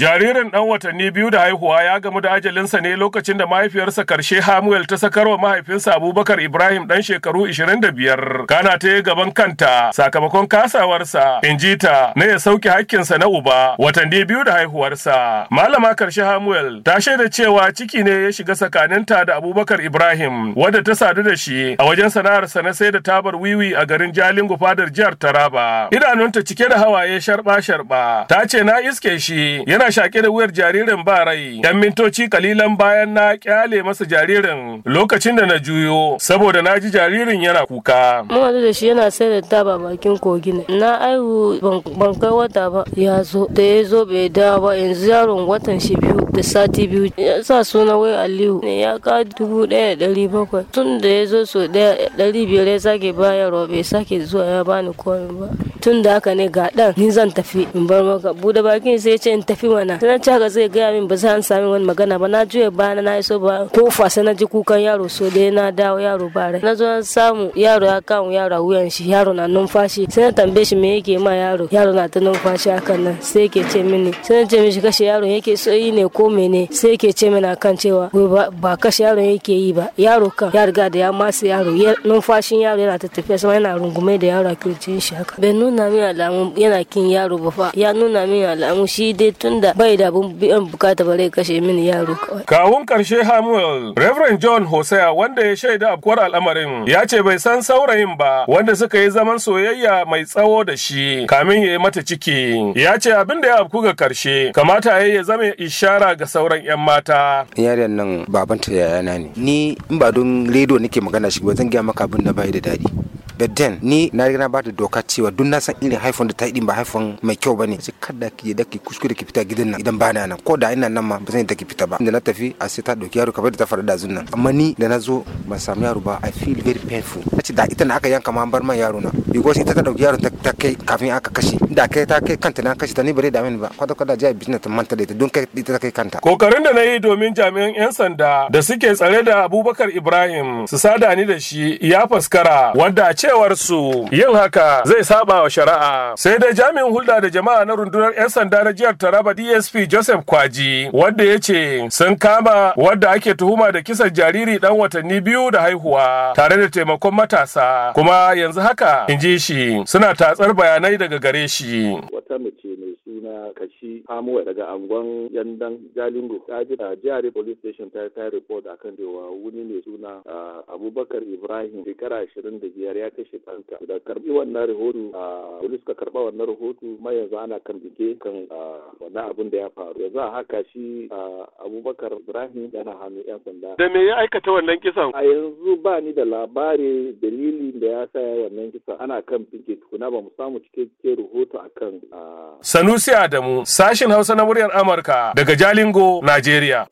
Jaririn ɗan watanni biyu da haihuwa ya gamu da ajalinsa ne lokacin da mahaifiyarsa karshe Hamuel ta sakarwa mahaifinsa Abubakar Ibrahim ɗan shekaru 25 kana ta yi gaban kanta sakamakon kasawarsa injita na ya sauke hakkinsa na uba watanni biyu da haihuwarsa. Malama karshe Hamuel ta shaida cewa ciki ne ya shiga tsakaninta da Abubakar Ibrahim wadda ta sadu da shi a wajen sana'arsa na sai da tabar wiwi a garin Jalingo fadar jihar Taraba. Idanunta cike da hawaye sharɓa-sharɓa ta ce na iske shi yana ina shaƙe da wuyar jaririn ba rai dan mintoci kalilan bayan na kyale masa jaririn lokacin da na juyo saboda na ji jaririn yana kuka mun da shi yana sai da taba bakin kogi ne na aihu ban kai wata ba ya zo da ya zo bai da ba yanzu yaron watan shi biyu da sati biyu ya sa suna wai aliyu ne ya ka dubu ɗaya da ɗari bakwai tun da ya zo so ɗaya ɗari biyar ya sake bayarwa bai sake zuwa ya bani komai ba tun da haka ne ga ɗan ni zan tafi in bar maka bude bakin sai ce in tafi mana na ci haka zai gaya min ba za an sami wani magana ba na juya bana na iso ba kofa sai na ji kukan yaro so da na dawo yaro ba rai na zo na samu yaro ya kawo yaro a wuyan shi yaro na numfashi sai na tambaye shi me yake ma yaro yaro na ta numfashi hakan nan sai yake ce mini sai na ce mishi kashe yaro yake so yi ne ko mene sai yake ce mini akan cewa ba kashe yaro yake yi ba yaro kan ya riga da ya masu yaro numfashin yaro yana ta tafiya sama yana rungume da yaro a kirjin shi haka bai nuna min alamu yana kin yaro ba fa ya nuna min alamu shi dai tun wanda bai da biyan bukata ba kashe mini yaro kawai. Kawun karshe Hamuel, Reverend John Hosea wanda ya shaida afkuwar al'amarin ya ce bai san saurayin ba wanda suka yi zaman soyayya mai tsawo da shi kamin ya yi mata ciki. Ya ce abin da ya afku ga karshe kamata ya ya zama ishara ga sauran 'yan mata. Yaren nan babanta yayana ne. Ni in ba don rediyo nake magana shi ba zan gaya maka abin da bai da daɗi. bedden ni na riga na ba da doka cewa duk na san irin haifon da ta yi ba haifon mai kyau ne sai kada ki da ki kuskure ki fita gidan nan idan ba na nan ko da ina nan ma ba zan da ki fita ba inda na tafi a sai ta doki yaro kamar da ta faru da zun nan amma ni da na zo ban samu yaro ba i feel very painful ce da ita na aka yanka ma bar man yaro na because ita ta dauki yaro ta kai kafin aka kashe da kai ta kai kanta na kashe ta ni bare da min ba kwata kwata jiya business ta manta da ita don kai ita ta kai kanta kokarin da na yi domin jami'an yan sanda da suke tsare da Abubakar Ibrahim su sada ni da shi ya faskara wanda a ce cewarsu yin haka zai saba wa shari'a sai dai jami'in hulɗa da jama'a na rundunar 'yan sanda na jihar taraba dsp joseph kwaji wanda ya ce sun kama wadda ake tuhuma da kisan jariri dan watanni biyu da haihuwa tare da taimakon matasa kuma yanzu haka in ji shi suna tatsar bayanai daga gare shi na kashi hamuwa daga angon yandan jalingo ta ji uh, a jihar police station ta ta report akan cewa wuni ne suna uh, abubakar ibrahim shekara ashirin da biyar ya kashe ɗanka da karbi wannan rahoto a uh, police ka karba wannan rahoto ma yanzu ana kan bike kan wannan abin da ya faru yanzu a haka shi abubakar ibrahim yana hannu yan sanda da me ya aikata wannan kisan a yanzu ba ni da labari dalilin da ya sa wannan kisan ana kan bike tukuna ba mu samu cikakken rahoto akan sanusi da mu sashin Hausa na muryar Amurka daga Jalingo, Najeriya.